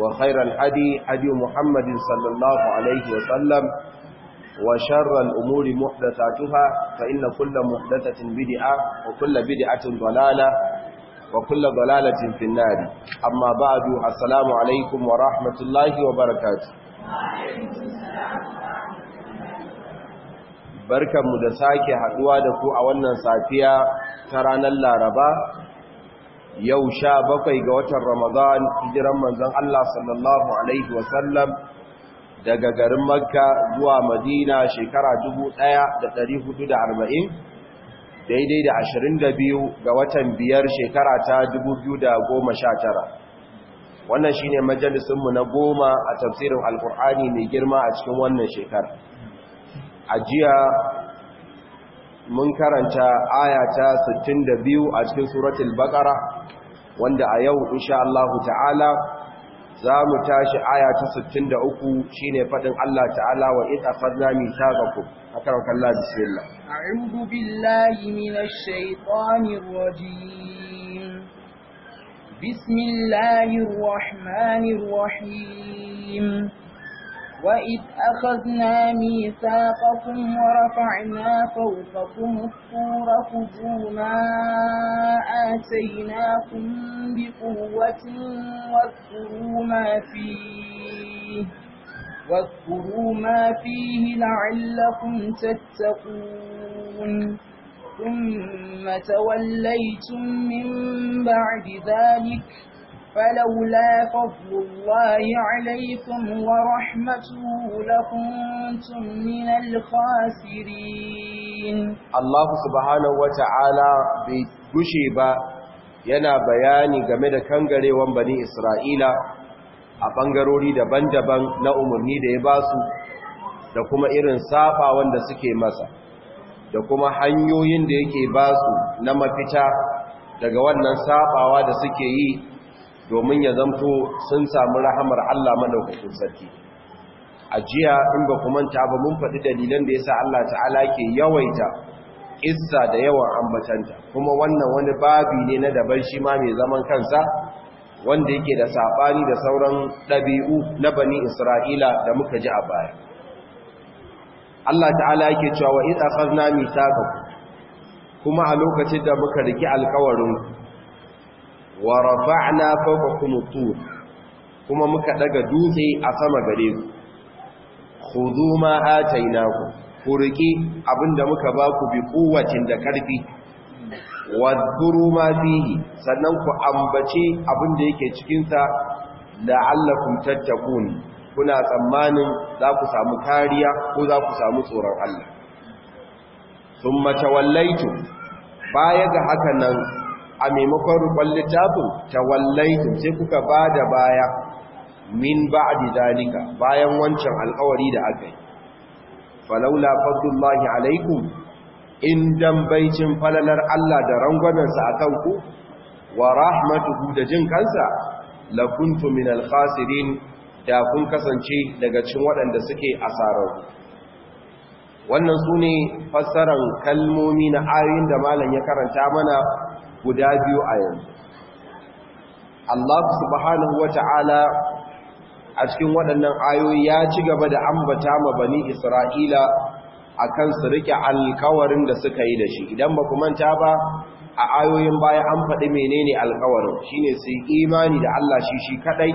وخير الهدي هدي محمد صلى الله عليه وسلم وشر الأمور محدثاتها فإن كل محدثة بدعة وكل بدعة ضلالة وكل ضلالة في النار أما بعد السلام عليكم ورحمة الله وبركاته barkanmu da sake haduwa da ku a wannan safiya ta ranar Laraba yau sha bakwai ga watan Ramadan hijiran manzon Allah sallallahu alaihi wasallam daga garin Makka zuwa Madina shekara 1440 daidai da ashirin da biyu ga watan biyar shekara ta 2019 wannan shine majalisin mu na goma a tafsirin alkur'ani mai girma a cikin wannan shekara jiya. mun karanta aya ta 62 a cikin suratul baqara wanda a yau insha Allah ta'ala za mu tashi aya ta 63 shine fadin Allah ta'ala wa fadna min mithaqakum akara kallah bismillah a'udhu billahi minash shaitanir rajim bismillahir rahmanir rahim وَإِذْ أَخَذْنَا مِيثَاقَكُمْ وَرَفَعْنَا فَوْقَكُمُ الطُّورَ خُذُوا مَا آتَيْنَاكُمْ بِقُوَّةٍ وَاذْكُرُوا مَا فِيهِ وَاذْكُرُوا مَا فِيهِ لَعَلَّكُمْ تَتَّقُونَ ثُمَّ تَوَلَّيْتُمْ مِنْ بَعْدِ ذَلِكَ فلولا فضل الله عليكم ورحمته لكنتم من الخاسرين الله سبحانه وتعالى بجشبا yana bayani game da kangarewan bani Isra'ila a bangarori daban-daban na umarni da ya basu da kuma irin safa wanda suke masa da kuma hanyoyin da yake basu na mafita daga wannan safawa da suke yi domin ya zamto sun sami rahamar Allah madaukakin sarki a jiya in ba ku manta ba mun faɗi dalilan da ya sa Allah ta'ala ke yawaita kissa da yawan ambatanta kuma wannan wani babi ne na daban shi ma mai zaman kansa wanda yake da saɓani da sauran ɗabi'u na bani Isra'ila da muka ji a baya Allah ta'ala yake cewa wa in akhadna mithaqakum kuma a lokacin da muka riki alƙawarin wa rafa'na fawqakum tur kuma muka daga dutse a sama gare ku khudhu ma atainaku ku abinda muka ba ku bi quwwatin da karfi wadhkuru ma fihi sannan ku ambace abinda yake cikin sa la'allakum tattaqun kuna tsammanin za ku samu kariya ko za ku samu tsoron Allah thumma tawallaitu baya ga haka nan a maimakon rukon littafin tawallaitum sai kuka ba da baya min ba a didanika bayan wancan alkawari da aka yi falaula fadlullahi alaikum in cin falalar Allah da rangonansa kan ku wa rahmatu da jin kansa lakuntu min alkhasirin da kun kasance daga cikin waɗanda suke asarar wannan sune fassarar kalmomi na ayoyin da malam ya karanta mana guda biyu a yanzu Allah subhanahu wata'ala a cikin waɗannan ayoyi ya ci gaba da ambata ma bani Isra'ila a kan su rike alkawarin da suka yi da shi idan ba ku manta ba a ayoyin baya an faɗi menene alkawarin shine su yi imani da Allah shi shi kaɗai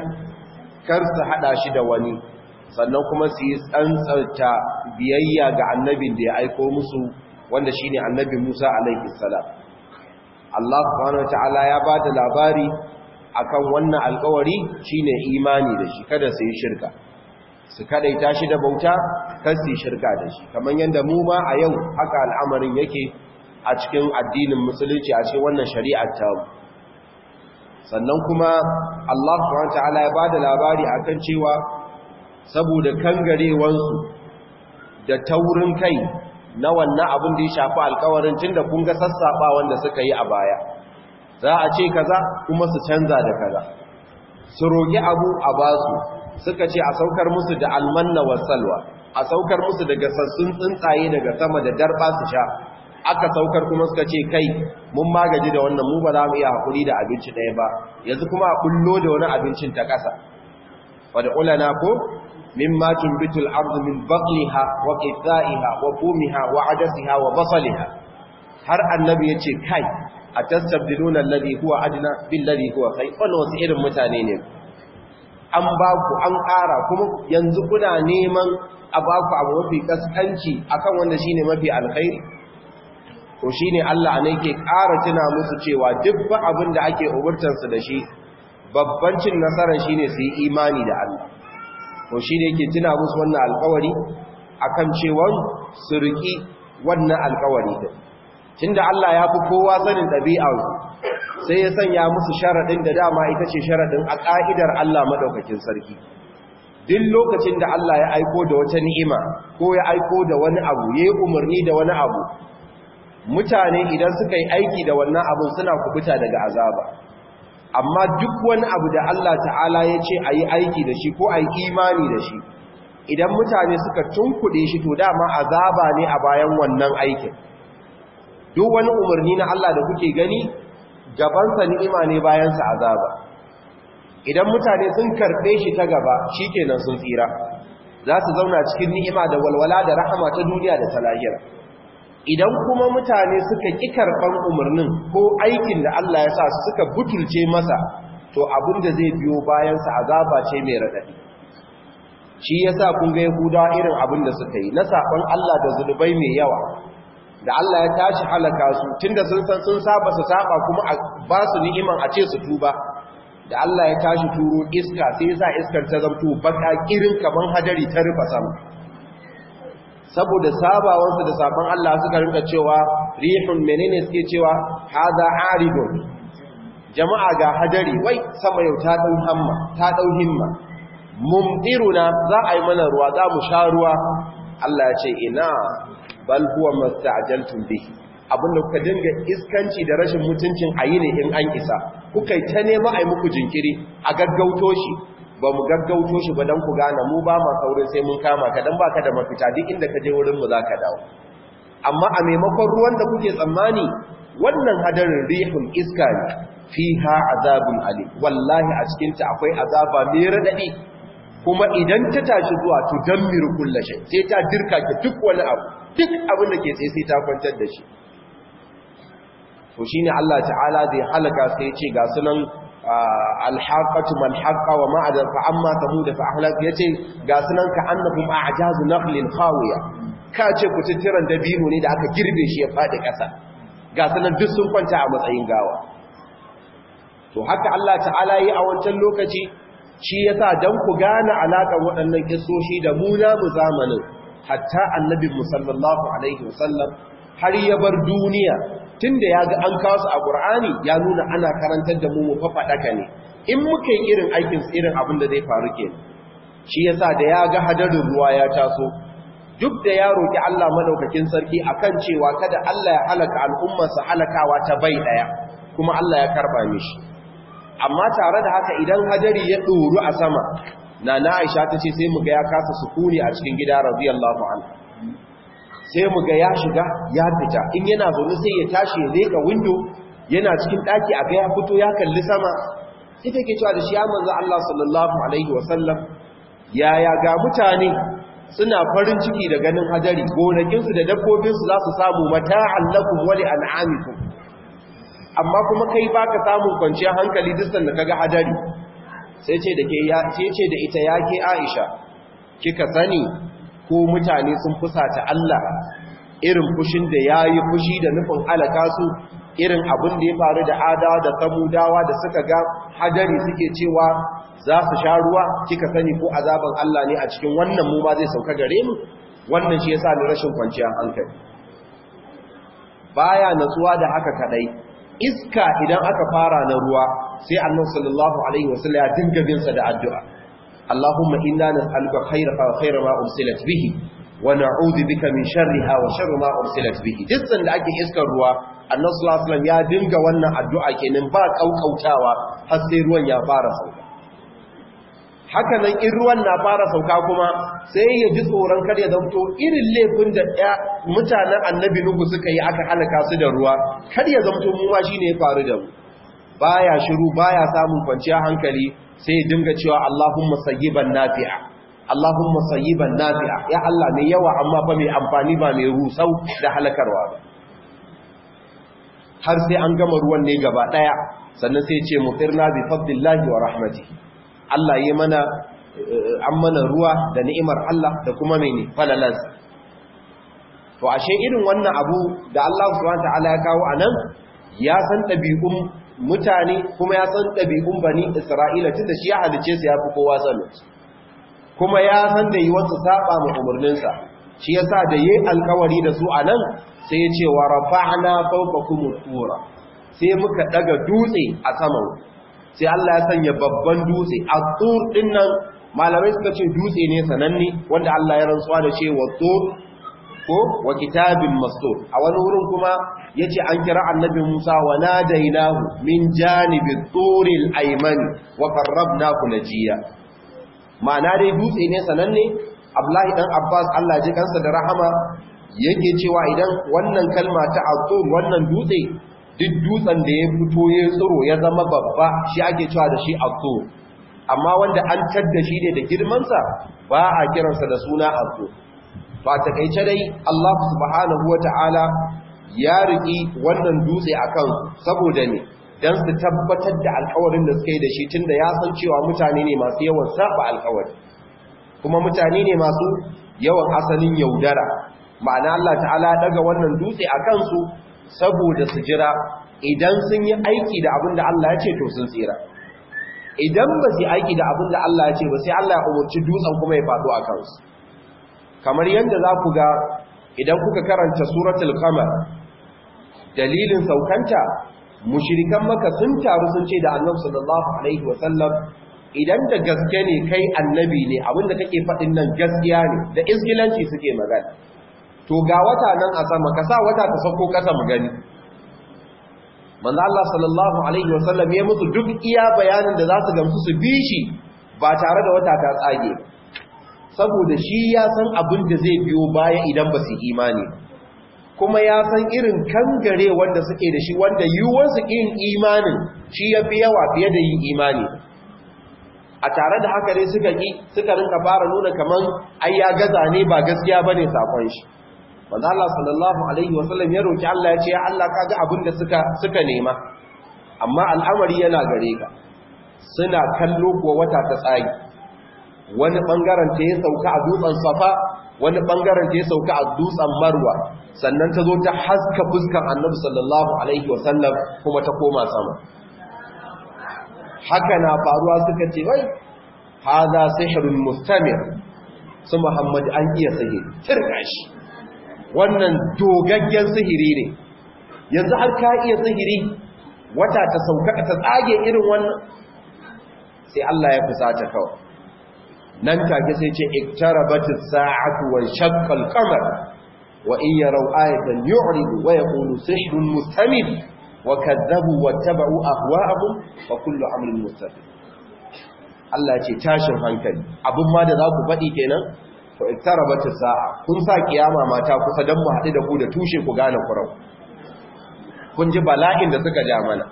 kar su haɗa shi da wani sannan kuma su yi tsantsanta biyayya ga annabin da ya aiko musu wanda shi ne annabin Musa alaihi salam Allah subhanahu wataala ya ba da labari akan wannan alkawari shine imani da shi kada su yi shirka su ita shi da bauta kan su yi shirka da shi kamar yadda mu ma a yau haka al'amarin yake a cikin addinin musulunci a cikin wannan shari'ar ta sannan kuma Allah subhanahu wataala ya ba da labari akan cewa saboda kangarewansu da taurin kai na wannan abin da ya shafi alkawarin tunda kun ga sassaɓa wanda suka yi a baya za a ce kaza kuma su canza da kaza su roƙi abu a basu suka ce a saukar musu da almanna wa salwa a saukar musu daga sassun tsuntsaye daga sama da darba su sha aka saukar kuma suka ce kai mun magaji da wannan mu ba za mu iya hakuri da abinci ɗaya ba yanzu kuma a kullo da wani abincin ta ƙasa wadda ulana ko مما تنبت الأرض من بقلها وقثائها وفومها وعدسها وبصلها هر النبي يتي كاي أتستبدلون الذي هو أدنى بالذي هو خير ولو سئر متانين an ba ku an ƙara kuma yanzu kuna neman a ba ku mafi ƙasƙanci akan wanda shine mafi alkhairi to shine Allah ne ke ƙara tuna musu cewa duk abinda abin da ake umurtansu da shi babban cin nasarar shine su yi imani da Allah ko shi ne yake tuna musu wannan alkawari kan cewar su riƙi wannan alkawari din da Allah ya fi kowa sanin ɗabi'ar sai ya sanya musu sharaɗin da dama ita ce sharaɗin a ƙa'idar Allah maɗaukakin sarki duk lokacin da Allah ya aiko da wata ni'ima ko ya aiko da wani abu ya yi umarni da wani abu mutane idan suka yi aiki da wannan abun suna kubuta daga azaba amma duk wani abu da Allah ta'ala ya ce a yi aiki da shi ko a yi imani da shi idan mutane suka tunkuɗe shi to dama azaba ne a bayan wannan aikin duk wani umarni na Allah da kuke gani gabansa ni'ima ne bayansa azaba idan mutane sun karɓe shi ta gaba shi kenan sun tsira za su zauna cikin ni'ima da walwala da rahama ta duniya da ta idan kuma mutane suka ƙi karɓar umarnin ko aikin da Allah ya sa suka butulce masa to abin da zai biyo bayansa azaba ce mai raɗaɗi shi ya sa kun ga yahudawa irin abin da suka yi na saɓon Allah da zunubai mai yawa da Allah ya tashi halaka su tunda sun san sun saba su saba kuma ba su ni'iman a ce su tuba da Allah ya tashi turo iska sai ya sa iskar ta zamto baka irin kaman hadari ta rufa sama saboda sabawarsu da sabon Allah suka rinka cewa rihun menene suke cewa haza aridun jama'a ga hadari wai sama yau ta dau hamma ta dau himma mumdiruna za a yi mana ruwa za mu sha ruwa Allah ya ce ina bal huwa masta'jaltum bi abinda kuka dinga iskanci da rashin mutuncin ayi ne in an isa kuka ta nema a yi muku jinkiri a gaggauto shi ba mu gaggauto shi ba don ku gane mu ba ma saurin sai mun kama ka don ba ka da mafita duk inda ka je wurinmu za ka dawo amma a maimakon ruwan da kuke tsammani wannan hadarin rihun iska ne fiha azabun ali wallahi a cikinta akwai azaba mai raɗaɗi kuma idan ta tashi zuwa to dan kullu sai ta dirka ki duk wani abu duk abin da ke sai, sai ta kwantar da shi to shine Allah ta'ala zai halaka sai ya ce ga sunan alhaqatu mal haqa wa ma adal fa amma thamud fa yace ga sunan ka annahum a'jazu filin khawiya ka ce ku tintiran dabino ne da aka girbe shi ya faɗi ƙasa. ga sunan duk sun kwanta a matsayin gawa to haka Allah ta'ala yi a wancan lokaci shi yasa dan ku gane alaƙar waɗannan kissoshi da mu na mu zamanin hatta annabi musallallahu alaihi wasallam har ya bar duniya Tun da ya ga an kawo su a ƙur'ani ya nuna ana karantar da mu mu faɗaka ne in muka yi irin aikin irin abin da zai faru ke shi ya sa da ya ga hadarin ruwa ya taso duk da ya roƙi Allah maɗaukakin sarki a kan cewa kada Allah ya halaka al'ummarsa halakawa ta bai ɗaya, kuma Allah ya karba mishi amma tare da haka idan hadari ya ɗoru a sama na na Aisha ta ce sai mu ga ya kasa sukuni a cikin gida radiyallahu sai mu ga ya shiga ya fita in yana zaune sai ya tashi ya leka window yana cikin daki a ga ya fito ya kalli sama sai take cewa da shi ya manzo Allah sallallahu alaihi wasallam yaya ga mutane suna farin ciki da ganin hadari gonakinsu da dabbobinsu za su samu mata'an lakum wa li'an'amikum amma kuma kai baka samun kwanciyar hankali dukkan da kaga hadari sai ce da ke ya ce da ita yake Aisha kika sani ko mutane sun fusata Allah irin fushin da ya yi fushi da nufin Alakasu, su irin abin da ya faru da adawa da samudawa da suka ga hadari suke cewa za su sha ruwa kika sani ko azaban Allah ne a cikin wannan mu ba zai sauka gare mu wannan shi yasa ni rashin kwanciyar hankali baya natsuwa da haka kadai iska idan aka fara na ruwa sai annabi sallallahu alaihi wasallam ya dinga bin sa da addu'a اللهم إنا نسألك خير خير ما أرسلت به ونعوذ بك من شرها وشر ما أرسلت به جسن لأكي إسكر روا نصلا صلى الله عليه وسلم يا وانا أدعاك كنن أو كوتاوا حسير وان يا فارس haka nan in ruwan na fara sauka kuma sai ya ji tsoron kar ya zamto irin laifin da mutanen annabi nuhu suka yi aka halaka su da ruwa kar ya zamto mu ma shine ya faru da mu baya shiru baya samun kwanciyar hankali sai dinga cewa Allahumma sayyiban nafi'a Allahumma sayyiban nafi'a ya Allah mai yawa amma ba mai amfani ba mai rusau da halakarwa ba har sai an gama ruwan ne gaba daya sannan sai ce mutirna bi fadlillahi wa rahmati. Allah yi mana eh, an mana ruwa da ni'imar Allah da kuma mene falalansa to ashe irin wannan abu da Allah subhanahu wa ta'ala ya kawo anan ya san ɗabi'un mutane kuma ya san ɗabi'un bani isra'ila tunda shi ya halice su ya fi kowa sanin kuma ya san da yi wasu saba ma umarninsa shi ya sa da yi alkawari da su a nan sai ya ce wa rafa'na fauka kuma tura sai muka daga dutse a saman sai Allah ya sanya babban dutse a tur din nan malamai suka ce dutse ne sananne wanda Allah ya rantsuwa da wa tur ko wa kitabin mastur a wani wurin kuma Ya ce an kira annabi Musa wa nadainahu min janibi turil ayman wa qarrabnahu najiya ma'ana dai dutse ne sananne Abdullahi dan Abbas Allah ji kansa da rahama yake cewa idan wannan kalma ta atur wannan dutse duk dutsen da ya fito ya tsiro ya zama babba shi ake cewa da shi atur amma wanda an tadda shi ne da sa, ba a kiransa da suna atur ba takaice dai Allah subhanahu wa ta'ala ya riƙe wannan dutse akan saboda ne dan su tabbatar da alkawarin da suka yi da shi tunda ya san cewa mutane ne masu yawan saba alkawari kuma mutane ne masu yawan asalin yaudara ma'ana Allah ta'ala daga wannan dutse a kansu saboda su jira idan sun yi aiki da abin da Allah ya ce to sun tsira idan ba su yi aiki da abin da Allah ya ce ba sai Allah ya umarci dutsen kuma ya faɗo a kansu kamar yadda za ku ga idan kuka karanta suratul qamar dalilin saukanta mushrikan maka sun taru sun ce da annabi sallallahu alaihi wasallam idan da gaske ne kai annabi ne abinda kake faɗin nan gaskiya ne da izgilanci suke magana to ga wata nan a sama ka sa wata ta sako kasa mu gani manzo Allah sallallahu alaihi wasallam ya musu duk iya bayanin da za su gamsu su bi shi ba tare da wata ta tsage saboda shi ya san abin da zai biyo baya idan ba su imani ba kuma ya san irin kangare wanda suke da shi wanda yiwuwarsu yin imanin shi ya fi yawa fiye da yin imani a tare da haka ne suka yi suka rinka fara nuna kamar ai ya gaza ne ba gaskiya bane sakon shi wanda Allah sallallahu alaihi wasallam ya roki Allah ya ce ya Allah ga abin da suka suka nema amma al'amari yana gare ka suna kallo kuwa wata ta tsagi wani bangaren ta ya sauka a dutsen safa wani bangaren ta ya sauka a dutsen marwa sannan ta zo ta haska fuskar annabi sallallahu alaihi wasallam kuma ta koma sama haka na faruwa suka ce wai haza sihrun mustamir su muhammad an iya sihiri tirka shi wannan dogaggen sihiri ne yanzu har ka iya sihiri wata ta sauka ta tsage irin wannan sai Allah ya fusata kawai nan take sai ce iktarabatis sa'atu wa shaqqal qamar wa in yaraw ayatan yu'ridu wa yaqulu sihrun mustamid wa kadzabu wa tabu ahwa'ahum wa kullu amrin mustaqim Allah ce tashin hankali abun ma da za ku fadi kenan to iktarabatis sa'a kun sa kiyama mata kusa dan mu haɗu da ku da tushe ku gane kurau kun ji bala'in da suka ja mana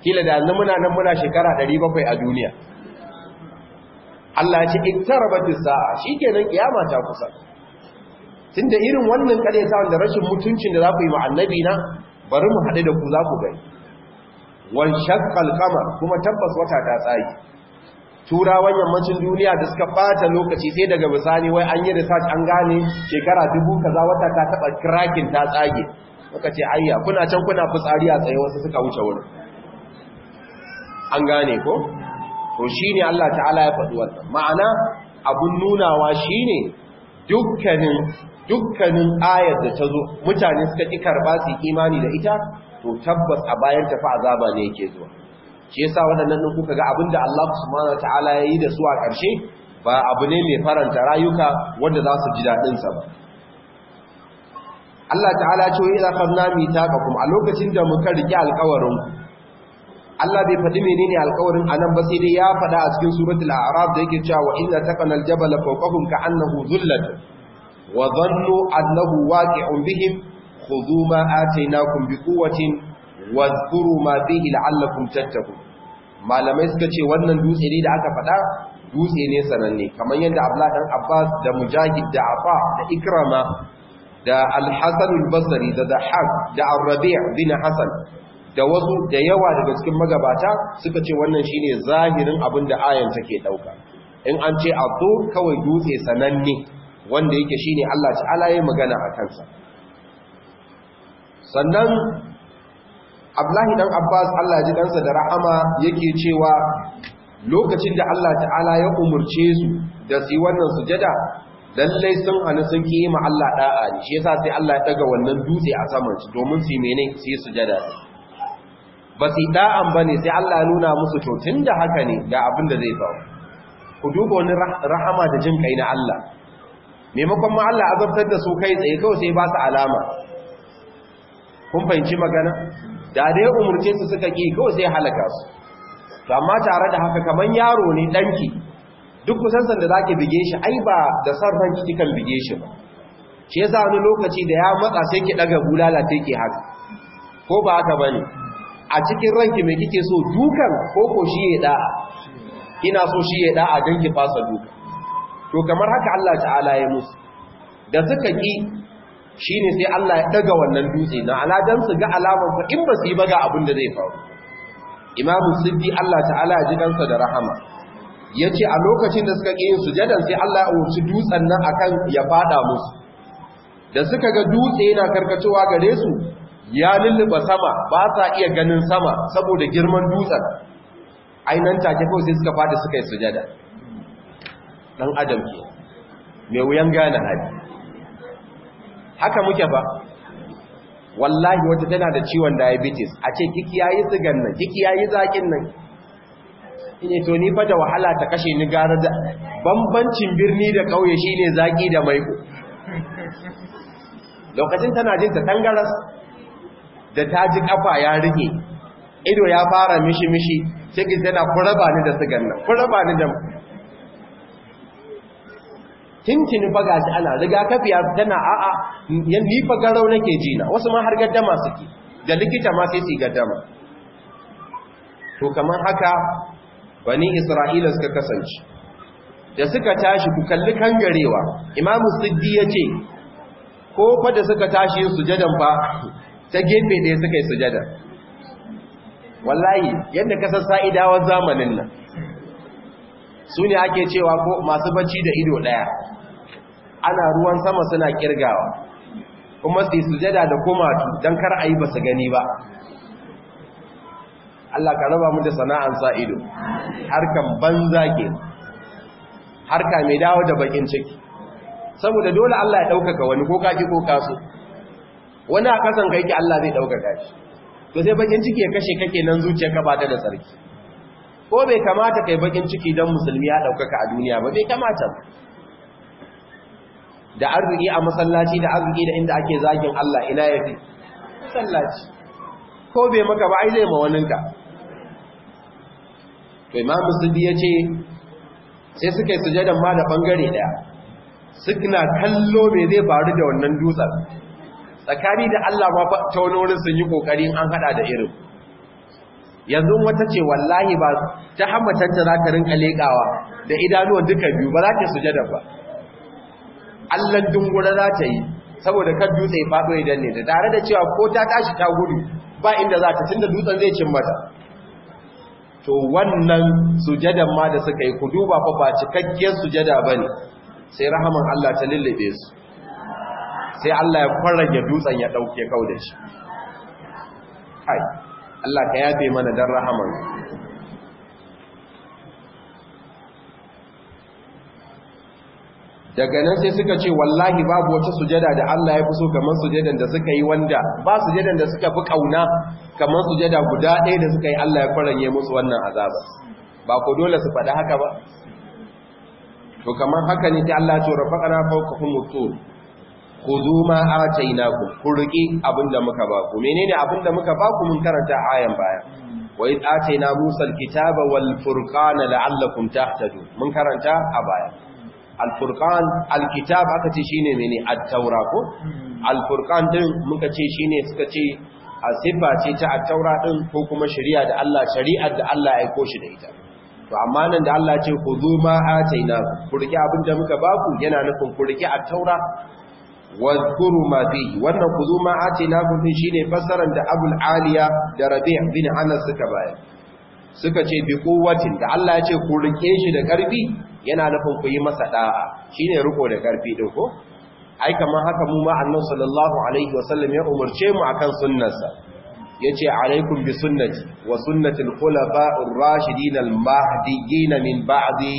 kila da muna nan muna shekara 700 a duniya Allah ya ce shi sa'a shikenan kiyama ta kusa tunda irin wannan sa wanda rashin mutuncin da zaku yi wa annabi na bari mu haɗu da ku zaku ku wal shaqqal qamar kuma tabbas wata ta tsayi turawan yammacin duniya da suka bata lokaci sai daga bisani wai an yi research an gane shekara dubu kaza wata ta taba cracking ta tsage muka ce ayya kuna can kuna fitsari a tsaye wasu suka wuce wurin an gane ko to ne Allah ta'ala ya faɗi wannan ma'ana abin nunawa shi ne dukkanin ayar da ta zo mutane suka ƙi karɓa su imani da ita to tabbas a bayan tafi azaba ne yake zuwa shi yasa waɗannan ɗin kuka ga abin da Allah subhanahu ya yi da su a ƙarshe ba abu ne mai faranta rayuka wanda za su ji daɗinsa ba Allah ta'ala ce wa idza qadna mitaqakum a lokacin da muka riƙe alƙawarin Allah bai faɗi menene alƙawarin anan ba sai dai ya faɗa a cikin suratul a'raf da yake cewa inna taqanal jabala fawqahum ka'annahu dhullat wa dhannu annahu waqi'un bihim khudhu ma atainakum biquwwatin wadhkuru ma bihi la'allakum tattaqun malamai suka ce wannan dutse ne da aka faɗa dutse ne sananne kamar yadda Abdullah dan Abbas da Mujahid da Afa da Ikrama da Al-Hasan al-Basri da Dahab da Ar-Rabi' bin Hasan da wasu da yawa daga cikin magabata suka ce wannan shine zahirin abin da ayan take dauka in an ce abdu kawai dutse sananne wanda yake shine Allah ta'ala ya magana a kansa sannan Abdullahi dan Abbas Allah ji dansa da rahama yake cewa lokacin da Allah ta'ala ya umurce su da su wannan sujada lallai sun hannu sun kima Allah da'a shi yasa sai Allah ya daga wannan dutse a saman su domin su mene su yi sujada ba su da'an ba ne sai Allah nuna musu cocin da haka ne ga abin da zai faru ku duba wani rahama da jin kai na Allah maimakon ma Allah azabtar da su kai tsaye kawai sai ba su alama kun fahimci magana da dai umurce su suka ki kawai sai halaka su to amma tare da haka kamar yaro ne danki duk kusansan da zaki bige shi ai ba da san ranki kikan bige shi ba shi yasa wani lokaci da ya matsa sai ki ɗaga bulala sai ki haka ko ba haka bane a cikin ranki mai kike so dukan ko ko shi ya da ina so shi ya don ki fasa duka to kamar haka Allah ta'ala ya musu da suka ki shine sai Allah ya daga wannan dutse na aladan su ga alamar ku in ba su yi ba ga abin da zai faru imamu siddi Allah ta'ala ya ji dansa da rahama yace a lokacin da suka ki su, sujadan sai Allah ya wuce dutsen nan akan ya fada musu da suka ga dutse yana karkacewa gare su ya lulluba sama ba sa iya ganin sama saboda girman dutsen ainihin take kawai sai suka fada suka yi sujada dan adam ke mai wuyan gane hali haka muke ba wallahi wata tana da ciwon diabetes a ce kiki yi sigan nan kiki yi zakin nan ine to ni fa da wahala ta kashe ni gara da bambancin birni da kauye shine zaki da maiko lokacin tana jin ta tangaras da ta ji kafa ya rike ido ya fara mishi mishi sai ki tana kuraba ni da sigan nan kuraba ni da tintini fa shi ana riga kafi ya tana a a ni fa garau nake ji na wasu ma har gaddama suke da likita ma sai su ma to kamar haka bani isra'ila suka kasance da suka tashi ku kalli kan garewa. imamu siddi ya ce ko fa da suka tashi yin sujadan fa ta gefe ɗaya suka yi sujada wallahi yadda kasar sa'idawan zamanin nan su ne ake cewa ko masu bacci da ido ɗaya ana ruwan sama suna kirgawa kuma su yi sujada da komatu don kar a yi ba su gani ba Allah ka raba mu da sana'an sa'ido harkan banza ke harka mai dawo da bakin ciki saboda dole Allah ya ɗaukaka wani ko kaki ko kaso wani a kasan ka yake Allah zai ɗaukaka shi to sai bakin ciki ya kashe kake nan zuciyarka ba ta da tsarki ko bai kamata kai bakin ciki don musulmi ya ɗaukaka a duniya ba bai kamata ba da arziki a masallaci da arziki da inda ake zagin Allah ina ya fi masallaci ko bai maka ba ai zai ma waninka to imam musulmi ya ce sai suka yi sujadan ma da bangare daya suna kallo mai zai faru da wannan dutsen tsakani da Allah ma ta wani wurin sun yi kokarin an hada da irin yanzu wata ce wallahi ba ta hamatanta za ta rinka leƙawa da idanuwan duka biyu ba za ta sujada ba Allon dungura za ta yi saboda kan dutse faɗo idan ne da tare da cewa ko ta tashi ta gudu ba inda za ta da dutsen zai cin mata to wannan sujadan ma da suka yi ku duba fa ba cikakkiyar sujada ba ne. sai rahaman Allah ta lullube su sai Allah ya kwarrage dutsen ya dauke kau da shi kai Allah ka yafe mana dan rahaman daga nan sai suka ce wallahi babu wata sujada da Allah ya fi so kamar sujadan da suka yi wanda ba sujadan da suka fi kauna kamar sujada guda ɗaya da suka yi Allah ya kwaranye musu wannan azaba ba ku dole su faɗi haka ba to kamar haka ne ta Allah ya ce rafaqana fawqahum tur khudhu ma atainakum ku riki abinda muka ba ku menene abinda muka ba ku mun karanta ayan baya wa id ataina musa alkitaba wal furqana la'allakum tahtadu mun karanta a baya al furqan alkitab aka ce shine mene at-taura ko al furqan din muka ce shine suka ce sifa ce ta at-taura din ko kuma shari'a da Allah shari'ar da Allah ya aiko shi da ita to amma nan da Allah ce khudhu ma ataina ku riki abinda muka ba ku yana nufin ku riki at-taura wadhkuru ma fihi wannan kuzu ma atinahu shi ne fassaran da Abul Aliya da Rabi' bin Anas suka bayar suka ce bi quwwatin da Allah ya ce ku rike shi da karfi yana nufin ku yi masa da'a shine riko da karfi din ko ai kamar haka mu ma annabi sallallahu alaihi sallam ya umarce mu akan sunnarsa yace alaikum bi sunnati wa sunnati al-khulafa'i ar-rashidin al-mahdiyyin min ba'di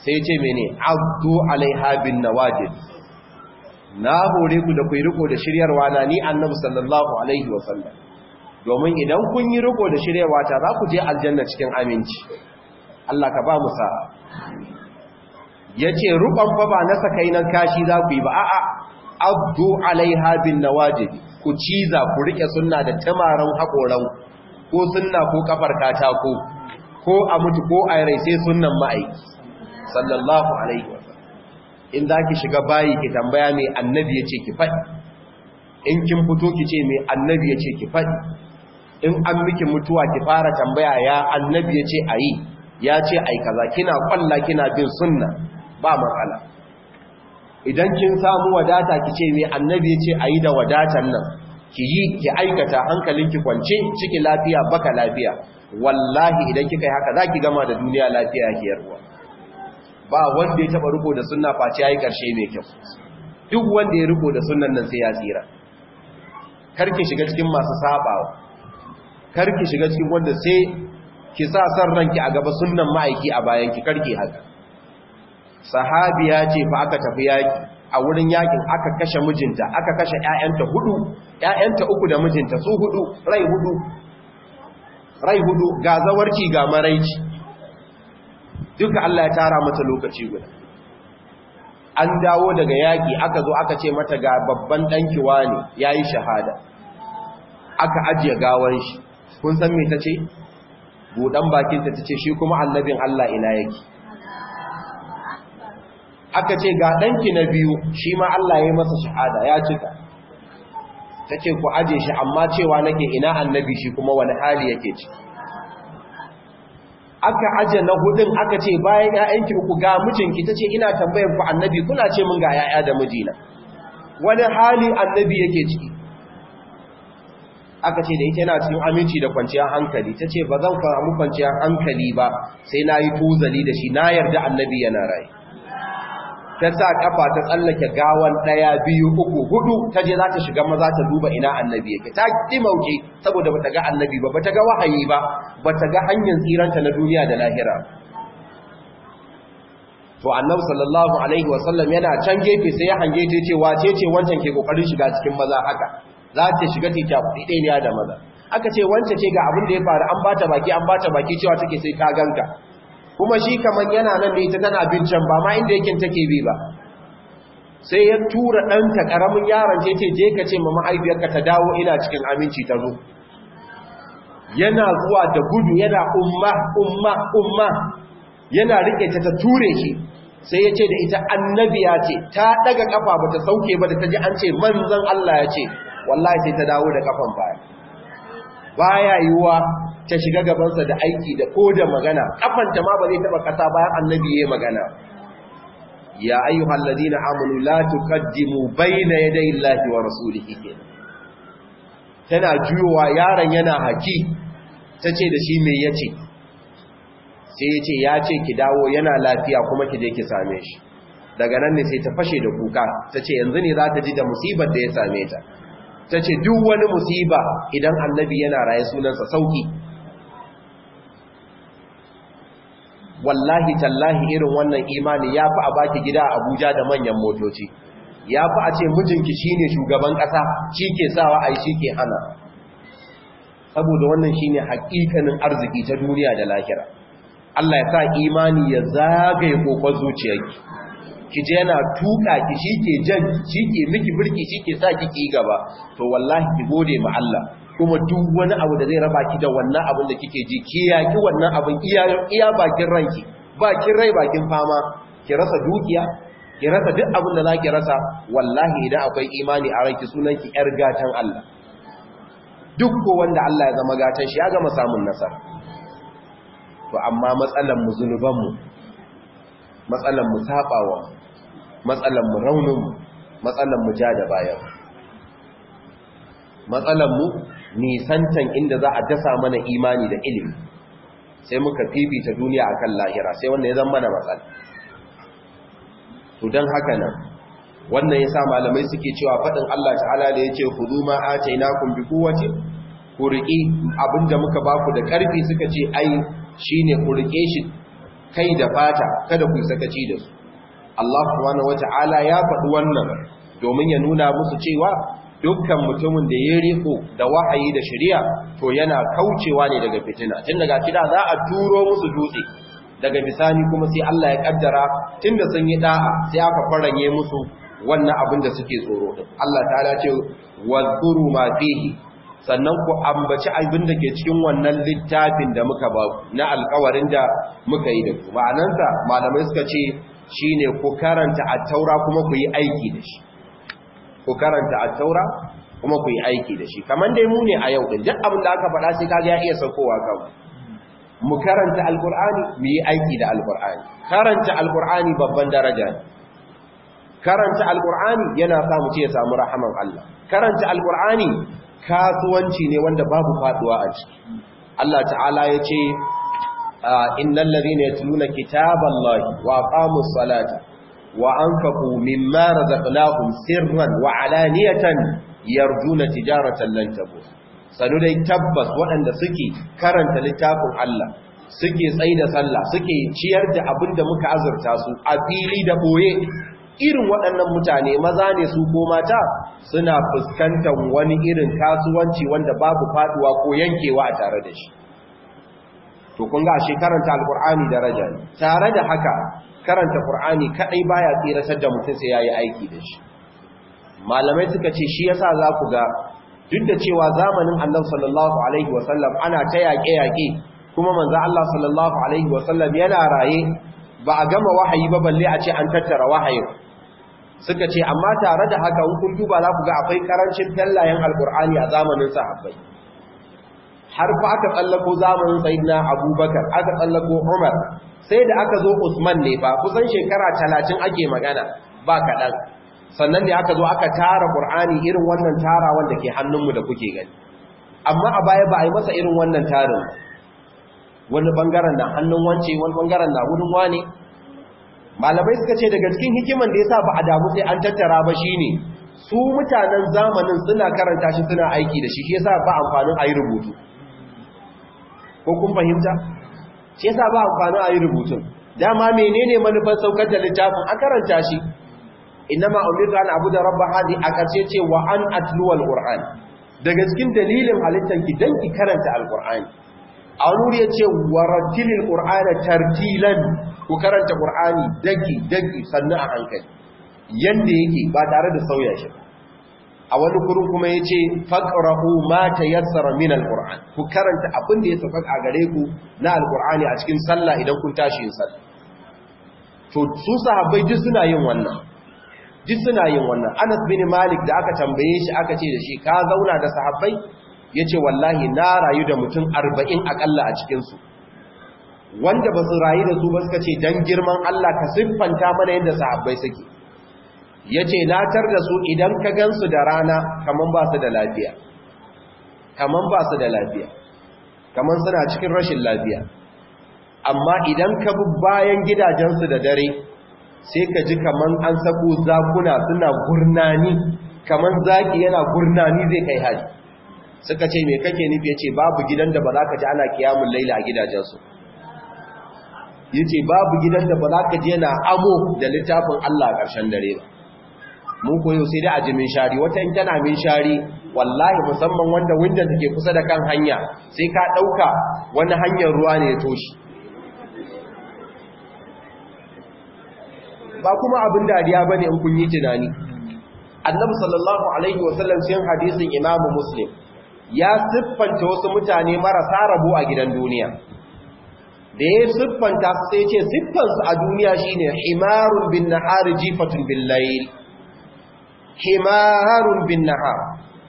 sai yace mene abdu alaiha bin nawajid na hore ku da ku yi riko da shiryarwa na ni annabi sallallahu alaihi wa sallam domin idan kun yi riko da shiryarwa ta za ku je aljanna cikin aminci Allah ka ba mu sa'a yace ce, fa ba na sakai nan kashi za ku yi ba a'a abdu alaiha bin nawajid ku ciza ku rike sunna da tamaran haƙoran, ko sunna ko kafar katako ko a mutu ko a rai sai sunnan ma'aiki sallallahu alaihi wa in za ki shiga bayi ki tambaya mai annabi ya ce ki faɗi in kin fito ki ce mai annabi ya ce ki faɗi in an miki mutuwa ki fara tambaya ya annabi ya ce a yi ya ce a yi kaza kina kwalla kina bin sunna ba matsala idan kin samu wadata ki ce mai annabi ya ce a yi da wadatan nan ki yi ki aikata hankalin ki kwance ciki lafiya baka lafiya wallahi idan kika yi haka za ki gama da duniya lafiya ki yarwa ba wanda ya taba riko da sunna face yayi karshe mai kyau duk wanda ya riko da sunnan nan sai ya tsira karki shiga cikin masu sabawa karki shiga cikin wanda sai ki sa san ranki a gaba sunnan ma'aiki a bayan ki karki haka Sahabi ya ce fa aka tafi yaki a wurin yakin aka kashe mijinta aka kashe ƴaƴanta hudu ƴaƴanta uku da mijinta su hudu rai hudu rai hudu ga zawarci ga maraici duka Allah ya tara mata lokaci guda an dawo daga yaƙi aka zo aka ce mata ga babban ɗanki wani ya yi shahada aka ajiye gawan shi kun san me ta ce buɗan bakinta ta ce shi kuma annabin Allah ina yake aka ce ga ɗanki na biyu shi ma Allah ya yi masa shahada ya cika ta ce ku aje shi amma cewa nake ina annabi shi kuma wani hali yake ciki aka aje na hudun aka ce bayan 'ya'yanki uku ga mijinki ta ce ina tambayar ku annabi kuna ce mun ga 'ya'ya da mijina wani hali annabi yake ciki aka ce da ita yana cikin aminci da kwanciyar hankali ta ce ba zan samu kwanciyar hankali ba sai na yi tuzali da shi na yarda annabi yana raye ta sa kafa ta tsallake gawan daya biyu uku hudu ta je za ta shiga maza ta duba ina annabi yake ta ki mauke saboda bata ga annabi ba bata ga wahayi ba bata ga hanyar tsiranta na duniya da lahira to annabi sallallahu alaihi wa sallam yana can gefe sai ya hange ta ce wace ce wancan ke kokarin shiga cikin maza haka za ta shiga tita kuɗi ɗaya da maza aka ce wancan ce ga abin da ya faru an bata baki an bata baki cewa take sai ta ganka kuma shi kamar yana nan da ita tana bin ba ma inda yake take bi ba sai ya tura ɗanta karamin yaron ce ce je ka ce ma ma'aibiyarka ta dawo ina cikin aminci ta zo yana zuwa da gudu yana umma umma umma yana rike ta ta ture shi sai ya ce da ita annabiya ce ta daga kafa ba ta sauke ba da ta ji an ce manzon Allah ya ce wallahi sai ta dawo da kafan baya baya yiwuwa ta shiga gabansa da aiki da ko da magana kafanta ma ba zai taba kasa bayan annabi yayi magana ya ayyuhal ladina amanu la tuqaddimu bayna yaday illahi wa rasulihi tana juyowa yaron yana haki tace da shi me yace sai yace ya ce ki dawo yana lafiya kuma ki je ki same shi daga nan ne sai ta fashe da kuka tace yanzu ne za ta ji da musibar da ya same ta tace duk wani musiba idan annabi yana raye sunansa sauki wallahi tallahi irin wannan imani ya fi a baki gida a abuja da manyan motoci ya fi a ce mijinki shi ne shugaban ƙasa shi ke sawa a yi shi ke hana saboda wannan shi ne haƙiƙanin arziki ta duniya da lahira allah ya sa imani ya zagaye kokon zuciyarki ki je yana tuka ki shi ke jan shi ke miki birki shi ke sa kiki gaba to wallahi ki gode ma allah kuma duk wani abu da zai raba ki da wannan abin da kike ji ki yaki wannan abin iya bakin ranki bakin rai bakin fama ki rasa dukiya ki rasa duk abin da zaki rasa wallahi idan akwai imani a ranki sunan ki yar gatan Allah duk ko wanda Allah ya zama gatan shi ya gama samun nasara to amma matsalan mu zunuban mu matsalan mu sabawa matsalan mu raunin mu matsalan mu ja da bayan matsalan mu nisantan inda za a dasa mana imani da ilimi sai muka fifita duniya akan lahira sai wannan ya zama mana matsala to don haka nan wannan ya sa malamai suke cewa faɗin Allah ta'ala da ya ce hudu ma a ce na kun bi kowace ku riƙi abinda muka baku da ƙarfi suka ce ai shi ne ku riƙe shi kai da fata kada ku sakaci da su Allah subhanahu wata'ala ya faɗi wannan domin ya nuna musu cewa dukkan mutumin da ya riko da wahayi da shari'a to yana kaucewa ne daga fitina tun daga kida za a turo musu dutse daga bisani kuma sai Allah ya kaddara tunda sun yi da'a sai aka faranye musu wannan abin da suke tsoro din Allah ta'ala ce wadhkuru ma fihi sannan ku ambaci abin da ke cikin wannan littafin da muka ba na alƙawarin da muka yi da ku ma'anansa malamai suka ce shine ku karanta a taura kuma ku yi aiki da shi ku karanta a taura kuma ku yi aiki da shi kamar dai mu ne a yau ɗin duk abin da aka faɗa sai kaga ya iya saukowa kan mu karanta alkur'ani mu yi aiki da alkur'ani karanta alkur'ani babban daraja ne karanta alkur'ani yana sa mu ce ya samu rahaman Allah karanta alkur'ani kasuwanci ne wanda babu faduwa a ciki Allah ta'ala ya ce ah, innal ladhina yatluna kitaballahi wa aqamus salata wa anfaqu mimma razaqnahum sirran wa alaniyatan yarjuna tijaratan lan tabur sanu dai tabbas waɗanda suke karanta littafin Allah suke tsaida sallah suke ciyar da abin da muka azurta su a fili da boye irin waɗannan mutane maza ne su ko mata suna fuskantar wani irin kasuwanci wanda babu faɗuwa ko yankewa a tare da shi to kun ga shi karanta alqur'ani daraja ne tare da haka karanta qur'ani kaɗai baya tsira, da mutum sai yayi aiki da shi malamai suka ce shi yasa za ku ga duk da cewa zamanin allah sallallahu alaihi wasallam ana ta yaƙe yaƙe kuma manzo Allah sallallahu alaihi wasallam yana raye ba a gama wahayi ba balle a ce an tattara wahayin suka ce amma tare da haka kun duba za ku ga akwai karancin tallayen alqur'ani a zamanin sahabbai har fa aka tsallako zamanin sayyidina abubakar aka tsallako umar sai da aka zo usman ne fa kusan shekara talatin ake magana ba kaɗan sannan da aka zo aka tara ƙur'ani irin wannan tara wanda ke hannunmu da kuke gani amma a baya ba a yi masa irin wannan tarin wani ɓangaren na hannun wance wani ɓangaren na wurin wane malamai suka ce daga cikin hikiman da ya sa ba a damu sai an tattara ba shi ne su mutanen zamanin suna karanta shi suna aiki da shi shi ya sa ba amfanin a yi rubutu ko kun fahimta shi yasa ba amfani a yi rubutun dama menene manufar saukar da littafin a karanta shi inama umirtu an abuda rabba hadi a karshe ce wa an al qur'an daga cikin dalilin halittar ki dan ki karanta alqur'ani a wuri ya ce wa qur'ana tartilan ku karanta qur'ani daki daki sannan a hankali yanda yake ba tare da sauya shi ba a wani kurun kuma ya ce faƙarahu ma ta yassara min alƙur'an ku karanta abin da ya sauƙaƙa a gare ku na alƙur'ani a cikin sallah idan kun tashi yin sallah to sun sahabbai duk suna yin wannan duk suna yin wannan Anas bin Malik da aka tambaye shi aka ce da shi ka zauna da sahabbai ce wallahi na rayu da mutum arba'in akalla a cikinsu. wanda ba su rayu da su ba suka ce don girman Allah ka siffanta mana yadda sahabbai suke Ya ce latar da su idan ka su da rana kamar ba su da lafiya kamar ba su da lafiya kamar suna cikin rashin lafiya amma idan ka bi bayan gidajensu da dare sai ka ji kaman an sako zakuna suna gurnani kamar zaki yana gurnani zai kai haji suka ce me kake nufi Ya ce babu gidan da ba za ka ji ana kiyamun laila a gidajensu ce babu gidan da ba za ka ji yana amo da littafin Allah a ƙarshen dare ba mu koyo sai da a ji min shari wata in tana min shari wallahi musamman wanda windan take kusa da kan hanya sai ka dauka wani hanyar ruwa ne ya toshi ba kuma abin dariya bane in kun yi tunani annabi sallallahu alaihi wasallam cikin hadisin imam muslim ya siffanta wasu mutane marasa rabo a gidan duniya da ya siffanta sai ce siffansu a duniya shine himarun bin nahar jifatun bil layl himarun bin nahar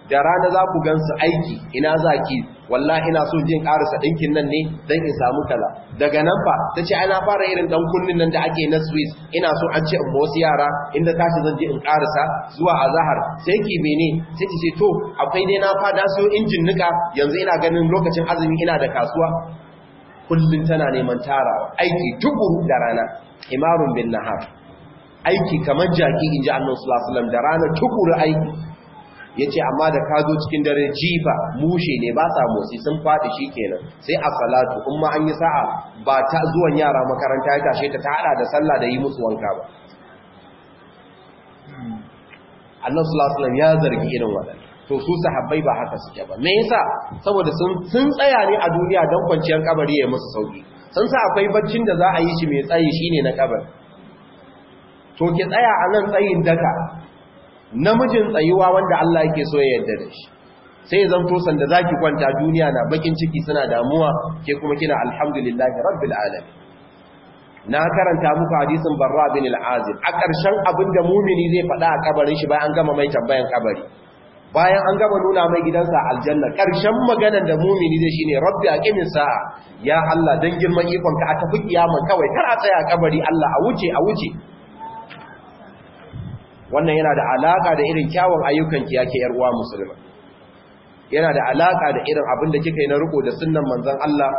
da rana za ku gansu aiki ina za ki wallahi ina so jin karasa ɗinkin nan ne don in samu kala? daga nan fa ta ce ana fara irin ɗan kunnin nan da ake na swiss ina so an ce in wasu yara inda tashi zan je in karasa zuwa a sai ki mene sai ki ce to akwai dai na fada so injin nuka? yanzu ina ganin lokacin azumi ina da kasuwa kullum tana neman tarawa aiki tukuru da rana imarun bin nahar aiki kamar jaki inji annabi da ranar tukuru aiki Ya ce amma da ka zo cikin dare jifa mushe ne ba sa motsi sun faɗi shi kenan, sai a salatu in ma an yi sa'a ba ta zuwan yara makaranta ya tashe ta ta hada da sallah da yi musu wanka ba annon sulasulam ya zargi irin wadanda to su sahabbai ba haka suke ba me yasa saboda sun sun tsaya ne a duniya don kwanciyar kabari ya musu sauki sun sa akwai baccin da za a yi shi mai tsayi shine na kabari to ki tsaya a nan tsayin daka namijin tsayuwa wanda Allah yake so ya yarda da shi sai ya zanto sanda zaki kwanta duniya na bakin ciki suna damuwa ke kuma kina alhamdulillahi rabbil alamin na karanta muku hadisin barra bin al-azib a ƙarshen abin da mumini zai faɗa a kabarin shi bayan gama mai tambayan kabari bayan an gama nuna mai gidansa aljanna ƙarshen maganar da mumini zai shine rabbi aqimis sa'a ya Allah dan girman ikonka a tafi kiyama kawai kar a tsaya a kabari Allah a wuce a wuce wannan yana da alaka da irin kyawun ayyukan ki yake yar uwa musulma yana da alaka da irin abin da kika yi na riko da sunnan manzon Allah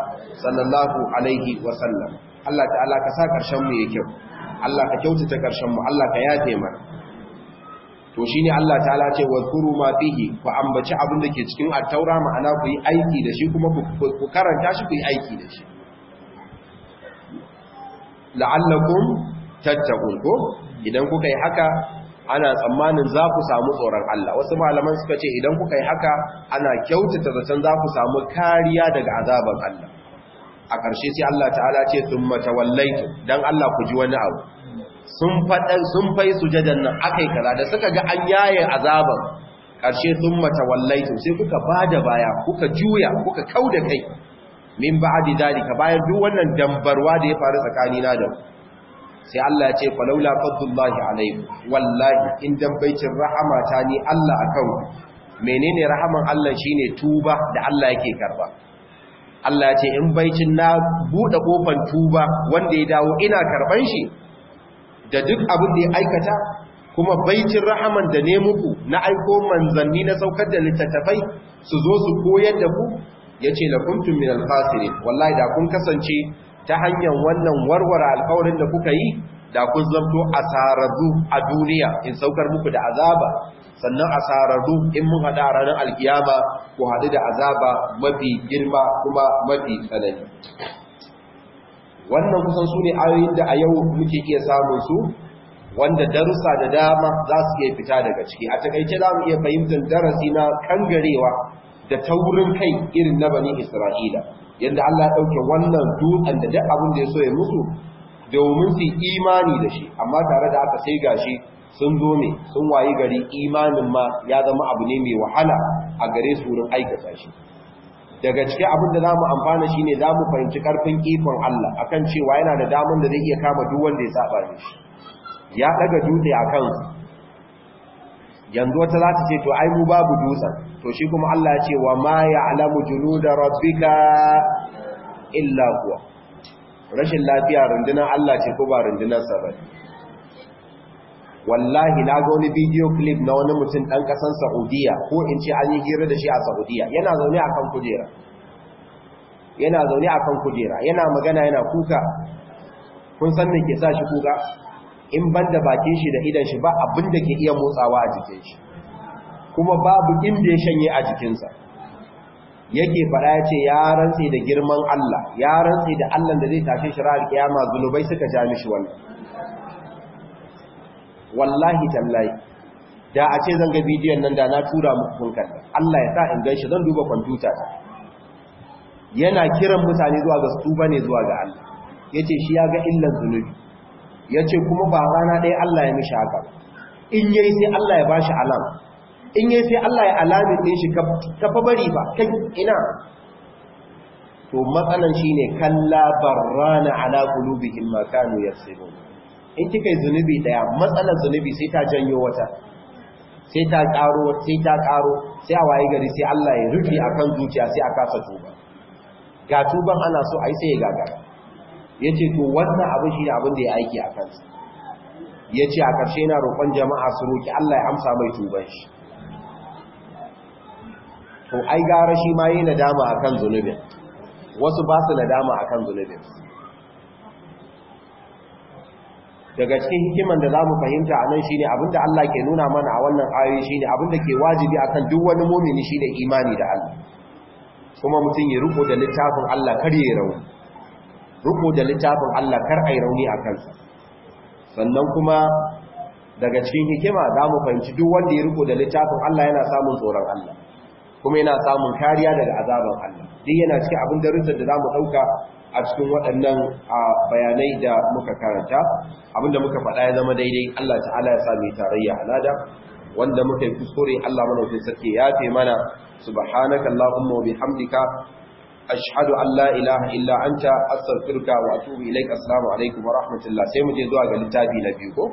sallallahu alaihi wa sallam Allah ta alaka sa karshen mu yake Allah ka kyautata karshen mu Allah ka yafe mu to shine Allah ta'ala ce wazkuru ma fihi ku ambaci abin da ke cikin at-taura ma'ana ku yi aiki da shi kuma ku karanta shi ku yi aiki da shi la'allakum tattaqun ko idan kuka yi haka ana tsammanin za ku samu tsoron Allah wasu malaman suka ce idan kuka yi haka ana kyautata zaton za ku samu kariya daga azaban Allah a ƙarshe sai Allah ta'ala ce sun wallai don Allah ku ji wani abu sun faɗin sun fai sujadan nan akai kaza da suka ga an yaye azaban ƙarshe sun wallai sai kuka ba da baya kuka juya kuka kau da kai min ba'di dalika bayan duk wannan dambarwa da ya faru tsakanina da ku sai Allah ya ce falaula fadlullahi alaikum wallahi in dan rahamata ni Allah akan menene rahaman Allah shine tuba da Allah yake karba Allah ya ce in baitin na bude ƙofan tuba wanda ya dawo ina karban shi da duk abin da ya aikata kuma baitin rahaman da ne muku na aiko manzanni na saukar da littattafai su zo su koyar da ku yace la kuntum minal khasirin wallahi da kun kasance ta hanyar wannan warware alkawarin da kuka yi da kun zamto asararru a duniya in saukar muku da azaba sannan asararru in mun haɗa ranar alkiyama ku haɗu da azaba mafi girma kuma mafi tsanani wannan kusan su ne ayoyin da a yau muke iya samun su wanda darussa da dama za su iya fita daga ciki a takaice za mu iya fahimtar darasi na kangarewa da ta wurin kai irin na bani Isra'ila yadda Allah ɗauke wannan dutsen da duk abin da ya so ya musu domin su imani da shi amma tare da aka sai gashi sun zo ne sun wayi gari imanin ma ya zama abu ne mai wahala a gare su wurin aikata shi daga cikin abin da zamu amfana shi shine zamu fahimci karfin ikon Allah akan cewa yana da damar da zai iya kama duk wanda ya saba shi ya daga dutse akan yanzu wata za ta ce to ai mu babu dutsen to shi kuma Allah ce wa ma ya'lamu junuda rabbika illa kuwa? rashin lafiya rundunar Allah ce ko ba rundunar sa wallahi na ga wani bidiyo clip na wani mutum dan kasan Saudiya ko in ce an yi hira da shi a Saudiya yana zaune akan kujera yana zaune akan kujera yana magana yana kuka kun san me ke sa shi kuka in ban da bakin shi da idan shi ba abin da ke iya motsawa a jikin shi kuma babu inda ya shanye a jikinsa yake faɗa ya ce ya rantse da girman Allah ya rantse da Allah da zai tashe shi ra'ar kiyama zulubai suka ja mishi wannan wallahi tallahi da a ce zan ga bidiyon nan da na tura muku kun Allah ya sa in gan shi zan duba kwamfuta ta yana kiran mutane zuwa ga su tuba ne zuwa ga Allah yace shi ya ga illan zunubi ya ce kuma ba rana ɗaya Allah ya mishi haka in yi sai Allah ya ba shi alam in yi sai Allah ya alamin ɗin shi ka bari ba kai ina to matsalan shi ne kalla rana ala qulubihim bikin kanu yaksibun in kika yi zunubi ɗaya, matsalar zunubi sai ta janyo wata sai ta ƙaro, sai ta karo sai a waye gari sai Allah ya rufe akan zuciya sai a kasa tuba ga tuban ana so a yi sai ya gagara ya ce to wannan abin shi ne abin da ya aiki a kansa ya ce a ƙarshe na roƙon jama'a su roƙi Allah ya amsa mai tuban shi to ai gara shi ma yi nadama a kan zunubin wasu ba su nadama a kan zunubin daga cikin hikiman da za mu fahimta a nan shi ne abinda Allah ke nuna mana a wannan ayoyi shi ne abinda ke wajibi a kan duk wani mumini shi ne imani da Allah kuma mutum ya riko da littafin Allah kar ya rauni ruku da littafin Allah kar a yi rauni a kansa sannan kuma daga cikin hikima za mu fahimci duk wanda ya ruku da littafin Allah yana samun tsoron Allah kuma yana samun kariya daga azaban Allah duk yana cikin abin da darussan da za mu ɗauka a cikin waɗannan bayanai da muka karanta abin da muka faɗa ya zama daidai Allah ta'ala ya sami tarayya alada wanda muka yi kuskure Allah mana wajen sarki ya fi mana subhanaka allahumma wa bihamdika ashhadu an la ilaha illa anta astaghfiruka wa atubu ilaik assalamu alaikum wa rahmatullah sai mu je zuwa ga littafi na biyu ko